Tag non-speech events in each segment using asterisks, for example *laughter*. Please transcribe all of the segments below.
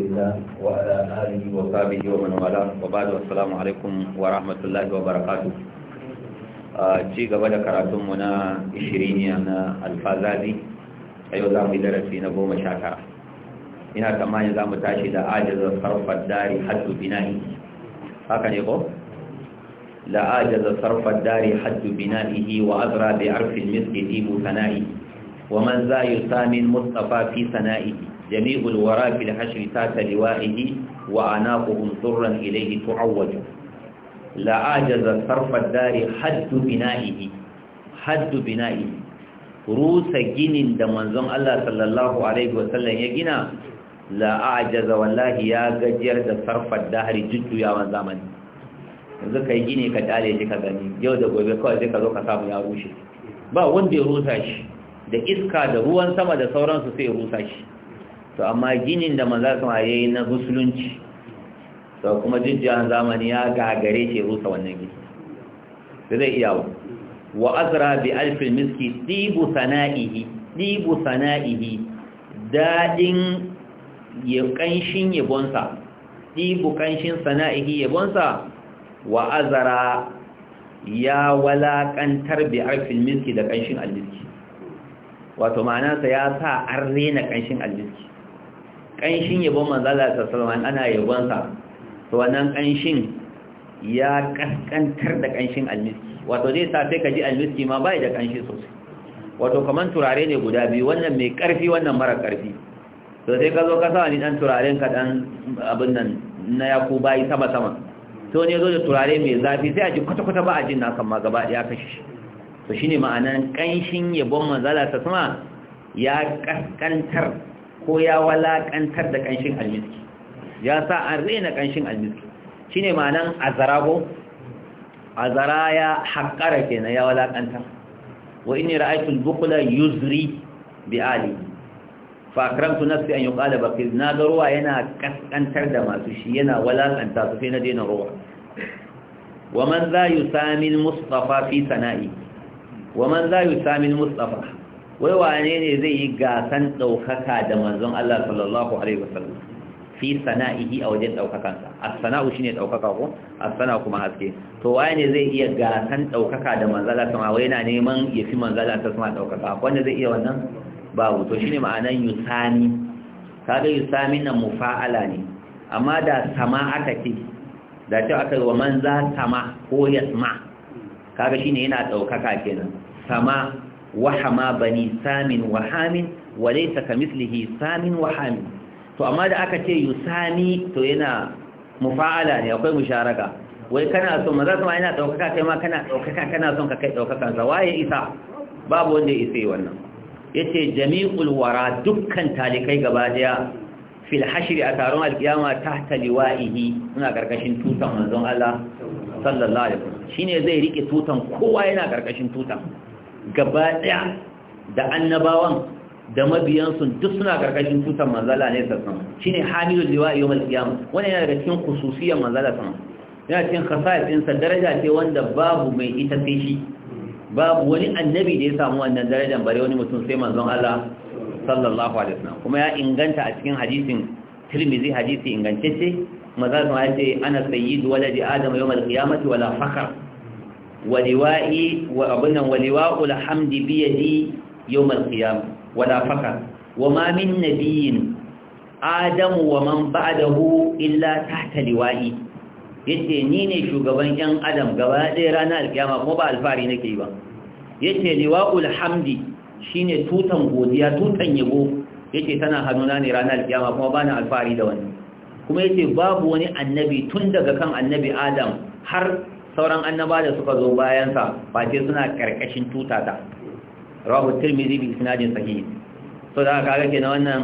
wa الله وعلى آله وصحبه ومن wa وبعد alaikum wa rahmatullahi wa وبركاته ah, ci gaba da karatunmu na 20 na alfazazi a yau za mu yi darasi na goma sha tara ina tsammanin za mu tashi da ajiyar sarfar dari haddu bina'i haka ne ko? la ajiyar sarfar dari haddu bina'ihi wa azra bi arfin miski ibu sana'i wa man za yi samin mustapha fi sana'i جميع الوراء في الحشر تات لوائه وأناقهم ضرا إليه تعوج لا أعجز صرف الدار حد بنائه حد بنائه روس جن دمنزم الله صلى الله عليه وسلم يجنا لا أعجز والله يا جدير صرف الدهر جد يا من زمن yanzu ka yi gini ka dale shi ka gani yau da gobe kawai sai ka zo ka samu ya rushe ba wanda ya rusa shi da iska da ruwan sama da sauransu sai ya rusa shi to amma ginin da manzan sama ya yi na musulunci to kuma jujjuyan zamani ya gagare shi rusa wannan gini da zai iya wa wa azra bi alfil miski ɗibu sana'ihi ɗibu sana'ihi daɗin ya ƙanshin yabonsa ɗibu ƙanshin sana'ihi yabonsa wa azara ya walaƙantar bi alfil miski da ƙanshin almiski wato ma'anarsa ya sa an rena ƙanshin almiski ƙanshin yabon manzala ta salman ana yabonsa to wannan ƙanshin ya ƙasƙantar da ƙanshin almiski wato zai sa sai ka ji almiski ma bai da ƙanshi sosai wato kaman turare ne guda biyu wannan mai ƙarfi wannan mara ƙarfi to sai ka zo ka sa ni ɗan turaren ka ɗan abin nan na ya ku bayi sama-sama to ne zo da turare mai zafi sai a ji kwata-kwata ba a jin nakan ma gaba ya kashe to shine ma'anan ƙanshin yabon manzala ta sama ya ƙasƙantar ko ya walakantar da ƙanshin almiski ya sa an rena ƙanshin almiski shine ma'anan azarago azara ya haƙara kenan ya walakanta wa inni ra'aytul bukula yuzri bi ali fa akramtu nafsi an yuqala baqil na ga ruwa yana kaskantar da masu shi yana walakanta su sai na daina ruwa wa man za yi al mustafa fi sana'i wa man za yusami al mustafa wai wane ne zai yi gasan ɗaukaka da manzon Allah sallallahu alaihi wasallam fi sana'ihi a wajen ɗaukakansa a sanau ne ɗaukaka ko a sana kuma haske to waye ne zai iya gasan ɗaukaka da Allah sama wai yana neman ya fi manzala ta sama ɗaukaka wanda zai iya wannan babu to shine ma'anan yusani kaga yusami nan mufa'ala ne amma da sama aka ce da ta aka yi wa manza sama ko yasma kaga shine yana ɗaukaka kenan sama wahama bani samin wahamin walaysa kamithlihi samin wahamin to amma da aka ce yusami to yana mufa'ala ne akwai musharaka wai kana son maza kuma yana daukaka kai ma kana daukaka kana son ka kai daukakan sa waye isa babu wanda ya isa wannan yace jami'ul wara dukkan talikai gaba daya fil a taron alkiyama tahta liwa'ihi suna karkashin tutan manzon Allah sallallahu alaihi wasallam shine zai rike tutan kowa yana karkashin tutan gaba ɗaya da annabawan da mabiyansu duk suna ƙarƙashin tutar manzala ne sassan shi ne hamilun liwa yau malkiyama wani yana daga cikin kususiyar manzala sama yana cikin kasayar daraja ce wanda babu mai ita sai shi babu wani annabi da ya samu wannan darajar bare wani mutum sai manzon Allah sallallahu alaihi wasallam kuma ya inganta a cikin hadisin Tirmidhi hadisi ingantacce maza su ya ce ana sayyidu waladi adam yawmal qiyamati wala fakhar waliwa'i wa abunan waliwa'ul hamdi biyadi yawmal qiyam wala faka. wama min nabiyyin adamu wa man ba'dahu illa tahta liwa'i yadda ni ne shugaban yan adam gaba ɗaya ranar alkiyama kuma ba alfari nake ba yadda liwa'ul hamdi shine tutan godiya tutan yabo yake tana hannuna ne ranar alkiyama kuma ba na alfari da wani kuma yace babu wani annabi tun daga kan annabi adam har sauran annaba da suka zo bayansa ba ce suna karkashin tuta ta rahu tirmizi bi sanadin sahih to da kaga kenan wannan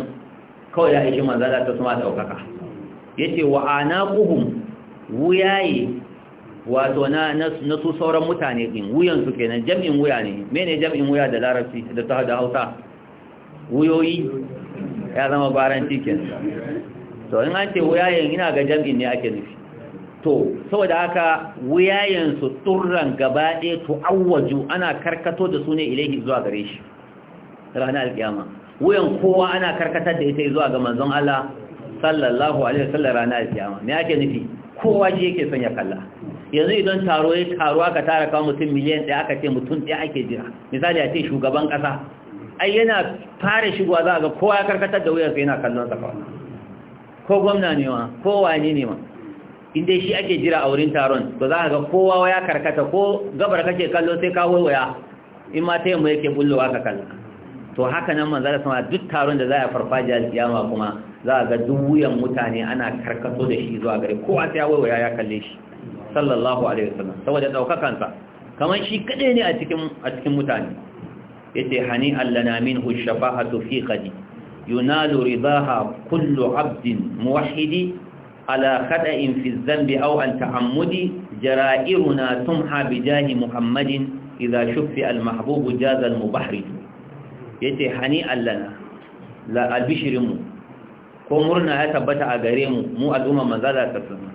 kawai da yake manzo da ta suma daukaka yace wa anaquhum wuyaye wato na na su sauran mutane din wuyan su kenan jam'in wuya ne mene jam'in wuya da larabci da ta da Hausa wuyoyi ya zama baranci kenan to in an ce wuyayen ina ga jam'in ne ake nufi to saboda haka wuyayensu turran gaba ɗaya to awwaju ana karkato da su ne ilaihi zuwa gare shi ranar alkiyama wuyan kowa ana karkatar da ita zuwa ga manzon Allah sallallahu alaihi wasallam ranar alkiyama me yake nufi kowa ji yake son ya kalla yanzu idan taro ya taro aka tara kawo mutum miliyan ɗaya aka ce mutum ɗaya ake jira misali a ce shugaban ƙasa ai yana fara shigowa za a ga kowa ya karkatar da wuyarsa yana kallon sa kawai ko gwamna ne ma ko wani ne ma inda shi ake jira a wurin taron to za ga kowa ya karkata ko gabar kake kallo sai ka waya in ma ta yamma yake bullowa ka kalla to haka nan man da sama duk taron da za a farfajiya kiyama kuma za a ga duk wuyan mutane ana karkato da shi zuwa gare kowa sai ya waya ya kalle shi sallallahu alaihi wasallam saboda daukakansa kamar shi kadai ne a cikin a cikin mutane yace hani allana minhu shafa'atu fi qadi yunalu ridaha kullu abdin muwahhidi ala khada'in fi dhanbi aw an ta'ammudi jara'iruna tumha bi jahi muhammadin idha shuffi al mahbub jaza al mubahrij yace hani allana la albishrimu ko murna ya tabbata a gare mu mu al'umma manzala ta sunna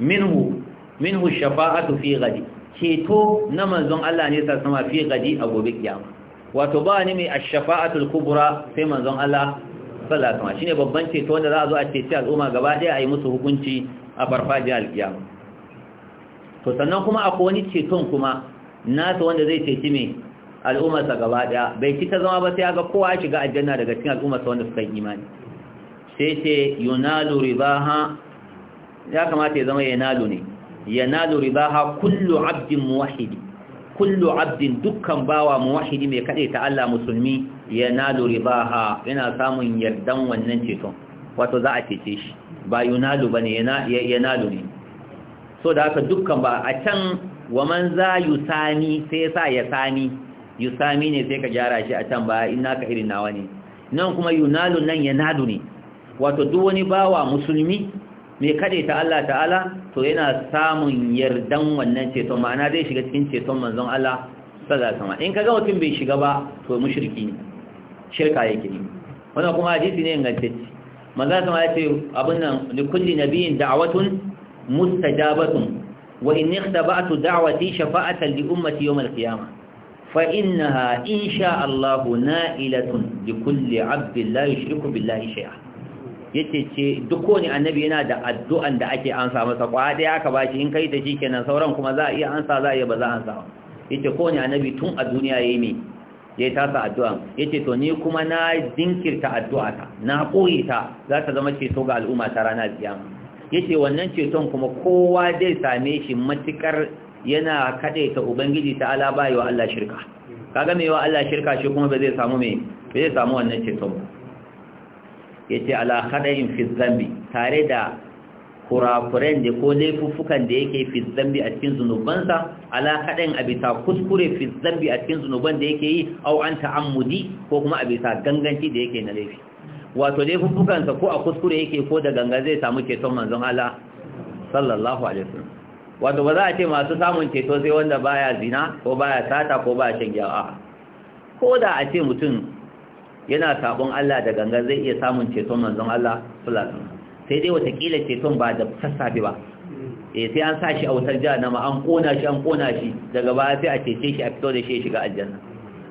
minhu minhu shafa'atu fi gadi ceto na manzon Allah ne sa sama fi gadi a gobe kiyama wato ba ni mai ash-shafa'atul kubra sai manzon Allah sallallahu alaihi shine babban ceto wanda za a zo a ceci al'umma gaba daya a yi musu hukunci a farfajiyar alkiyama to sannan kuma akwai wani ceton kuma nasa wanda zai ceci me al'ummarsa gaba daya bai ci ta zama ba sai ya ga kowa shiga aljanna daga cikin al'ummarsa wanda suka yi imani sai ce yunalu ribaha ya kamata ya zama nalu ne nalu ribaha kullu abdin muwahhidi kullu abdin dukkan bawa muwahidi mai kade ta Allah musulmi yanalu ribaha yana samun yardan wannan ceton wato za a cece shi ba yunalu bane ba ne so da haka dukkan ba a can wa man za sami sai sa ya yi sami ne sai ka gyara shi a can ba ina ka irin nawa ne nan kuma yunalu nan yanalu ne wato duk wani bawa musulmi mai kade ta Allah ta'ala to yana samun yardan wannan ceton ma'ana zai shiga cikin ceton manzon Allah sallallahu alaihi wasallam in kaga mutum bai shiga ba to mushriki ne shirka yake ne. wannan kuma hadisi ne ingantacce manzo sama ya ce abin nan li kulli nabiyyin da'watun mustajabatun wa in ikhtaba'tu da'wati shafa'atan li ummati yawm al-qiyamah fa innaha insha Allah na'ilatun li kulli 'abdin la yushriku billahi shay'a yace ce duk wani annabi yana da addu'an da ake ansa masa kwa dai aka bashi in kai da shi kenan sauran kuma za a iya ansa za a iya ba za a ansa yace ko ne annabi tun a duniya yayi me ya tasa addu'an ce to ni kuma na dinkirta addu'ata na koyi ta za ta zama ceto ga al'umma ta rana Ya ce wannan ceton kuma kowa zai same shi matukar yana ta ubangiji ta ala bai wa Allah shirka kaga me wa Allah shirka shi kuma ba zai samu me ba zai samu wannan ceton Ya ce ala in fi zambi tare da kurakuren da ko laifuffukan da yake fi zambi a cikin zunubansa ala kaɗan a bisa kuskure fi zambi a cikin zunuban da yake yi au an ta'ammudi ko kuma a bisa ganganci da yake na laifi wato laifuffukansa ko a kuskure yake ko da ganga zai samu ceton manzon Allah sallallahu alaihi wasallam wato ba za a ce masu samun ceto sai wanda baya zina ko baya sata ko baya shan giya a ko da a ce mutum yana sabon Allah da ganga zai iya samun ceton manzon Allah sallallahu alaihi wasallam sai dai watakila ceton ba da sassafe ba eh sai an sa shi a wutar ma an kona shi an kona shi daga baya sai a cece shi a fito da shi ya shiga aljanna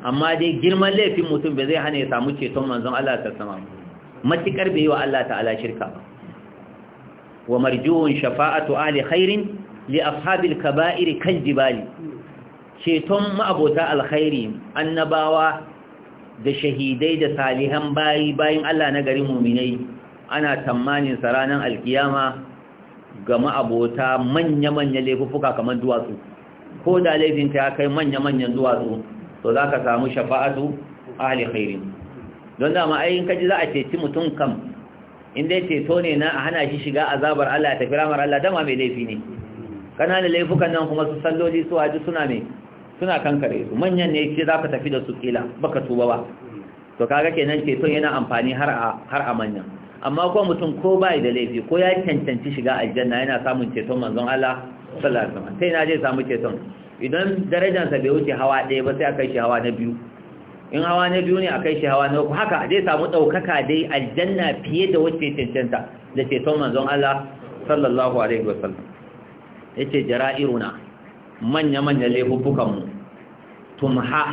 amma dai girman laifin mutum bai zai hana ya samu ceton manzon Allah ta sama matikar bai yi wa Allah ta'ala shirka ba wa marjuun shafa'atu ahli khairin li ashabil kaba'ir kal jibali ceton ma'abota alkhairi annabawa da shahidai da salihan bayi bayin Allah na garin mu'minai ana tamanin sa ranar alkiyama ga ma'abota manya manya laifuka kamar duwatsu ko da laifinta ya kai manya-manyan duwatsu to za ka samu shafa'atu ahli khairin don dama ayin kaji za a ceci mutum kam inda ya ceto ne na a hana shi shiga azabar Allah ya tafi ramar Allah dama mai laifi ne kananan laifukan nan kuma su salloli su waje suna ne suna kankare su manyan ne ce za ka tafi da su kila baka tuba ba to kaga kenan ceton yana amfani har a manyan amma kuma mutum ko bai da laifi ko ya cancanci shiga aljanna yana samun ceton manzon Allah sallallahu alaihi wasallam sai na je samu ceton idan sa bai wuce hawa ɗaya ba sai aka shi hawa na biyu in hawa na biyu ne a kai shi hawa na uku haka zai samu ɗaukaka dai aljanna fiye da wacce cancanta da ceton manzon Allah sallallahu alaihi wasallam ya ce jara'iruna manya-manya mu tumha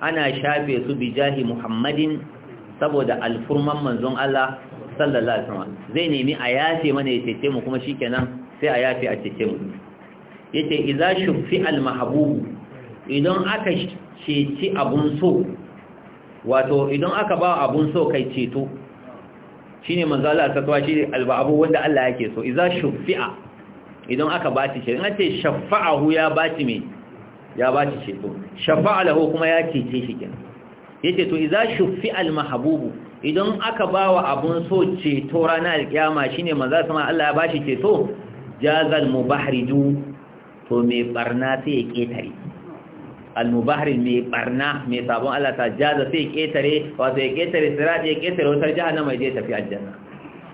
ana shafe su bijahi muhammadin saboda alfurman manzon Allah sallallahu alaihi wasallam zai nemi a yafe mana ya cece mu kuma shikenan sai a yafe a cece mu yace idza shufi al mahbub idan aka ceci abun so wato idan aka ba abun so kai ceto shine manzo Allah ta tsawa shi albabu wanda Allah yake so idza shufi'a idan aka baci shi ina ce shafa'ahu ya baci me ya baci ceto shafa'a lahu kuma ya cece shi kenan yace to idza shufi'a al mahbubu idan aka bawa abun so ceto ranar alkiyama shine su sama Allah ya bashi ceto jazal mubahridu to me barna sai ya ketare al mubahrij me barna me sabon Allah ta jaza sai ya ketare wato ya ketare sirat ya ketare wutar jahannama je tafi aljanna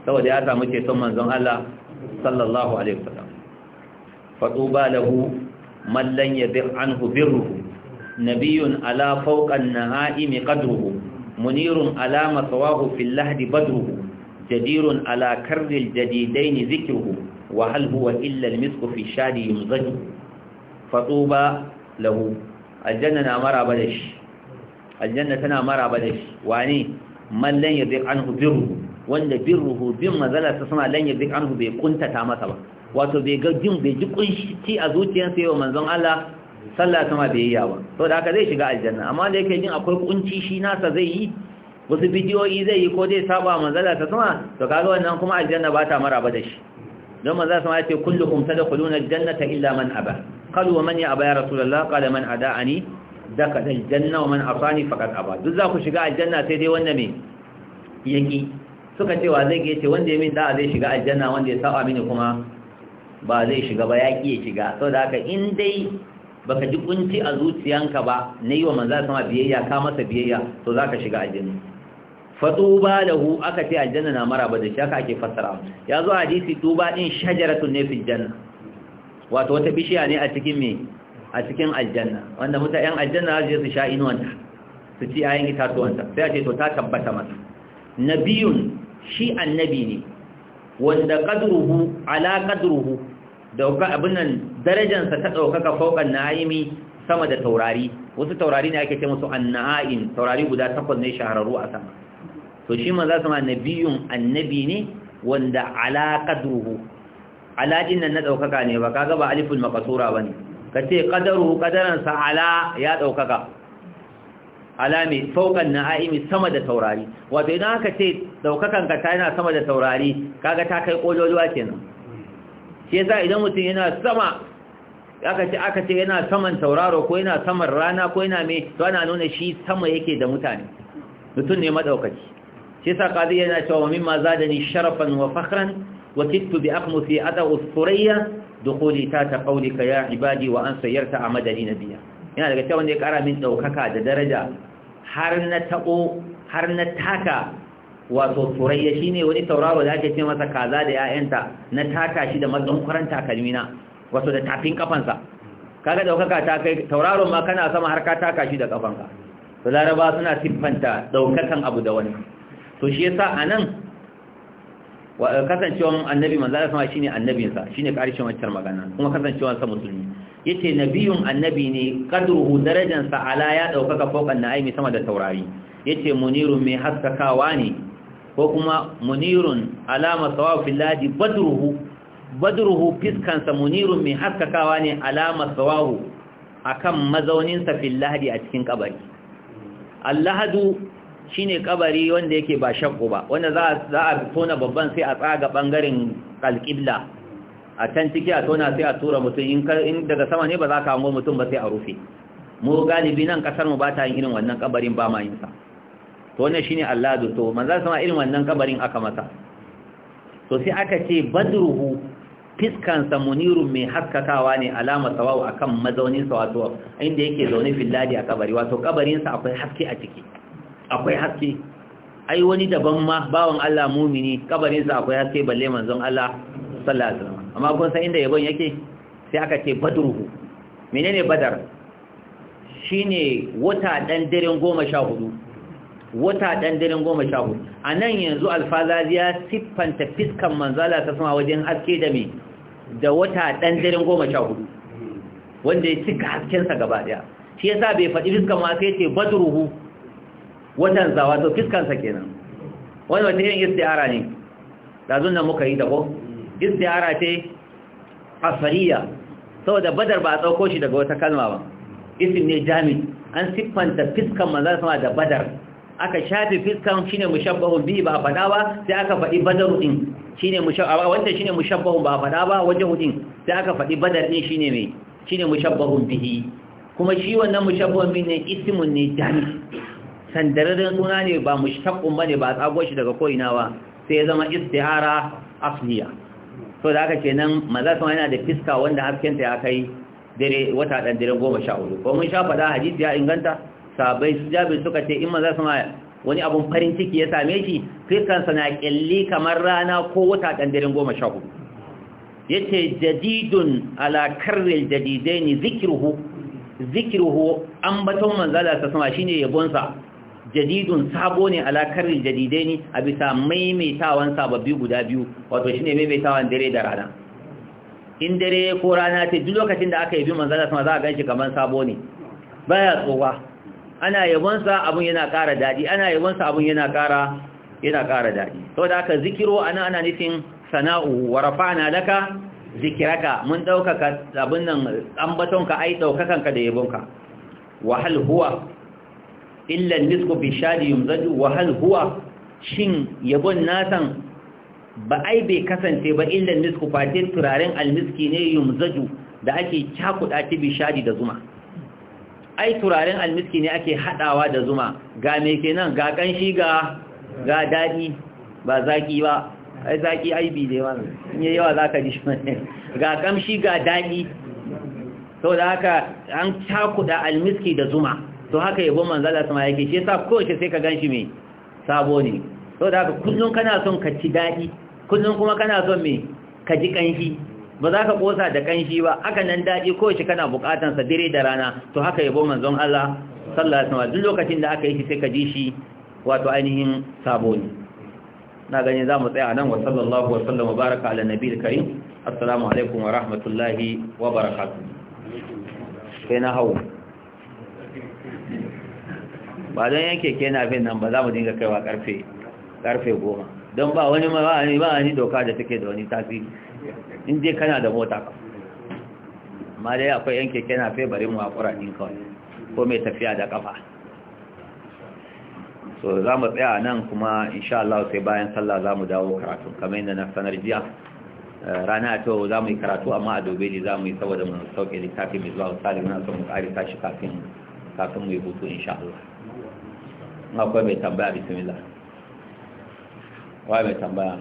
saboda ya samu ceton manzon Allah sallallahu alaihi wasallam tuba lahu man lan yadh anhu birru nabiyyun ala fawqa an-na'imi qadruhu Munirin alama sawahu fil lahdi badruhu jadirun ala karril jadidaini zikruhu wa hal huwa illa al misku aljanna tana maraba da shi wani man lan yadhiq anhu birruhu wanda birruhu bin mazala ta sama lan yadhiq anhu bai kuntata masa ba wato bai bai ji a zuciyarsa yau manzon Allah sallah sama bai yi ba to da haka zai shiga aljanna amma da yake jin akwai kunci shi nasa zai yi wasu bidiyoyi zai yi ko dai saba manzala ta sama to kaga wannan kuma aljanna ba ta maraba da shi don manzala sama yace kullukum tadkhuluna aljannata illa man aba qalu wa man ya ya rasulullah qala man ada'ani dakala aljanna wa man asani faqad aba duk za ku shiga aljanna sai dai wanda me yaki suka cewa zai ga yace wanda ya min da'a zai shiga aljanna wanda ya saba mini kuma ba zai shiga ba yaki ya shiga saboda haka in dai baka ji kunci a zuciyanka ba na yi wa manza sama biyayya ka masa biyayya to za ka shiga aljanna fatuba lahu aka ce aljanna na maraba da shi haka ake fassara ya zo hadisi tuba din shajaratun ne fil janna wato wata bishiya ne a cikin me a cikin aljanna wanda muta yan aljanna za su sha inuwanta su ci ayan itatuwanta sai a ce to ta tabbata masa nabiyun shi annabi ne wanda qadruhu ala qadruhu da abin nan darajansa ta ɗaukaka fauƙan na'imi sama da taurari wasu taurari ne ake ce musu anna'in taurari guda takwas ne shahararru a sama to shi manzo sama nabiyun annabi ne wanda ala qadruhu ala din nan na ɗaukaka ne ba kaga ba aliful maqsura bane kace qadaruhu qadaran sa ala ya ɗaukaka ala fauƙan na'imi sama da taurari wato idan aka ce ɗaukakan ka ta yana sama da taurari kaga ta kai ƙololuwa kenan shi yasa idan mutum yana sama aka ce aka ce yana saman tauraro ko yana saman rana ko yana mai to ana nuna shi sama yake da mutane mutum ne madaukaki shi yasa qadi yana cewa mimma zadani sharafan wa fakhran wa kittu bi fi ada usfuriya dukhuli ta ta qawlika ya ibadi wa an sayyarta amadani nabiyya yana daga cewa ne kara min daukaka da daraja har na tabo har na taka wato surayya shine wani tauraro da ake ce masa kaza da 'ya'yanta na taka shi da mazan kwaranta kalmina wato da tafin kafansa kaga daukaka ta kai tauraron ma kana sama har ka taka shi da kafanka to laraba suna siffanta daukakan abu da wani to shi yasa anan wa kasancewan annabi manzo Allah sama shine annabinsa shine karshen wancan magana kuma kasancewan sa musulmi yace nabiyun annabi ne darajan sa ala ya daukaka fokan na'imi sama da taurari yace munirun mai haskakawa ne ko kuma munirun alama sawafin ladi badruhu badruhu sa munirun mai haskakawa ne alamar sawahu akan mazauninsa fil lahadi a cikin kabari allahadu shine kabari wanda yake ba shakku ba wanda za za a tona babban sai a tsaga bangaren alqibla a can ciki a tona sai a tura mutum in daga sama ne ba za ka hango mutum ba sai a rufe mu galibi nan kasar mu ba ta yin irin wannan kabarin ba ma yin sa to wannan shine allahadu to manzo sama irin wannan kabarin aka masa to sai aka ce badruhu fiskansa munirun mai haskakawa ne alama sawawu akan mazauninsa wato inda yake zaune filladi a kabari wato kabarinsa akwai haske a ciki akwai haske ai wani daban ma bawan Allah mumini kabarinsa akwai haske balle manzon Allah sallallahu alaihi wasallam amma kun san inda yabon yake sai aka ce badruhu menene badar shine wata dan daren 14 wata dandirin goma sha hudu a nan yanzu alfazaziya ya siffanta fiskan manzala ta sama wajen haske da mai da wata dandirin goma sha hudu wanda ya cika haskensa gaba ɗaya. shi yasa bai faɗi fiskan ma sai ce baduruhu watan zawa to fiskansa kenan wani wata yin istiara ne da zunna muka yi da ko istiara ce asariya saboda badar ba a tsauko shi daga wata kalma ba Isin ne jami an siffanta fiskan manzala sama da badar aka shafi fiskan shine mushabbahun bi ba fada ba sai aka faɗi badaru din shine mushabba wanda shine mushabbahun ba fada ba wajen hudin sai aka faɗi badar din shine mai shine mushabbahun bihi kuma shi wannan mushabbahun bi ne ismun ne jami sandararren suna ne ba mushtaqqun bane ba tsago shi daga ba sai ya zama istihara asliya to da aka ce nan maza sun yana da fiska wanda haskenta ya kai dare wata dan dare 14 ko mun sha fada hadisi ya inganta sabai su jabi suka ce in maza ma wani abun farin ciki ya same shi fiskansa na kyalli kamar rana ko wata ɗandirin goma sha hudu ya ce jadidun alakarril jadidai ne zikiruhu zikiruhu ambaton manzala ta sama shine yabonsa jadidun sabo ne alakarril jadidai ne a bisa maimaitawan sababbi guda biyu wato shine maimaitawan dare da rana in dare ko rana ce duk lokacin da aka yi bi manzala sama za a ganshi kamar sabo ne baya tsowa ana sa abun yana ƙara daɗi ana yabansa abun yana ƙara yana ƙara daɗi da haka zikiro ana ana nufin sana'u wa rafa'na laka zikiraka mun ɗaukaka abin nan ambatonka ai ɗaukakanka da yabonka wa hal huwa illa nisku bi shadi yumzaju wa hal huwa shin yabon nasan ba ai bai kasance ba illa nisku fatin turaren almiski ne yumzadu da ake cakuɗa ki bi shadi da zuma ai turaren almiski ne ake hadawa da zuma ga me kenan ga kanshi ga ga dadi ba zaki ba ai zaki aibi ne wannan in yawa zaka ji shi *laughs* ga kamshi ga dadi da haka an takuda almiski da zuma to haka yabo Allah sama yake shi yasa kowace sai ka ganshi me sabo ne da haka kullun kana son ka ci dadi kullun kuma kana son me ka ji kanshi ba za ka kosa da kanshi ba aka nan daɗi ko shi kana bukatan sa dire da rana to haka yabo manzon Allah sallallahu alaihi wasallam duk lokacin da aka yi shi sai ka ji shi wato ainihin sabo ne na gani za mu tsaya nan wa sallallahu wa sallam baraka ala nabiyil karim assalamu alaikum wa rahmatullahi wa barakatuh sai na hawo ba don yanke ke na fin nan ba za mu dinga kaiwa karfe karfe goma don ba wani ba ni doka da take da wani tasiri in je kana da mota ka amma dai akwai yan keke na fai bari mu haƙura ɗin kawai ko mai tafiya da ƙafa so za mu tsaya nan kuma insha Allah sai bayan sallah za mu dawo karatu kamar yadda na sanar jiya eh, rana ta yau za mu yi karatu amma a dobe ne za mu yi saboda mu sauke littafi mai zuwa misali muna son mu ƙari tashi kafin kafin mu yi hutu insha Allah akwai mai tambaya bismillah wai mai tambaya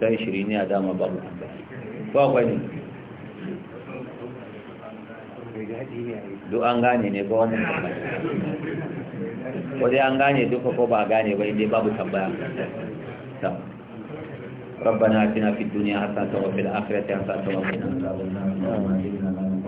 ta yi shiri ne a dama babu tambaya duk an gane ne ba wani tambaya ko an gane duka ko ba a gane ba inda babu tambaya ربنا اتنا في الدنيا حسنه وفي الاخره حسنه وقنا عذاب النار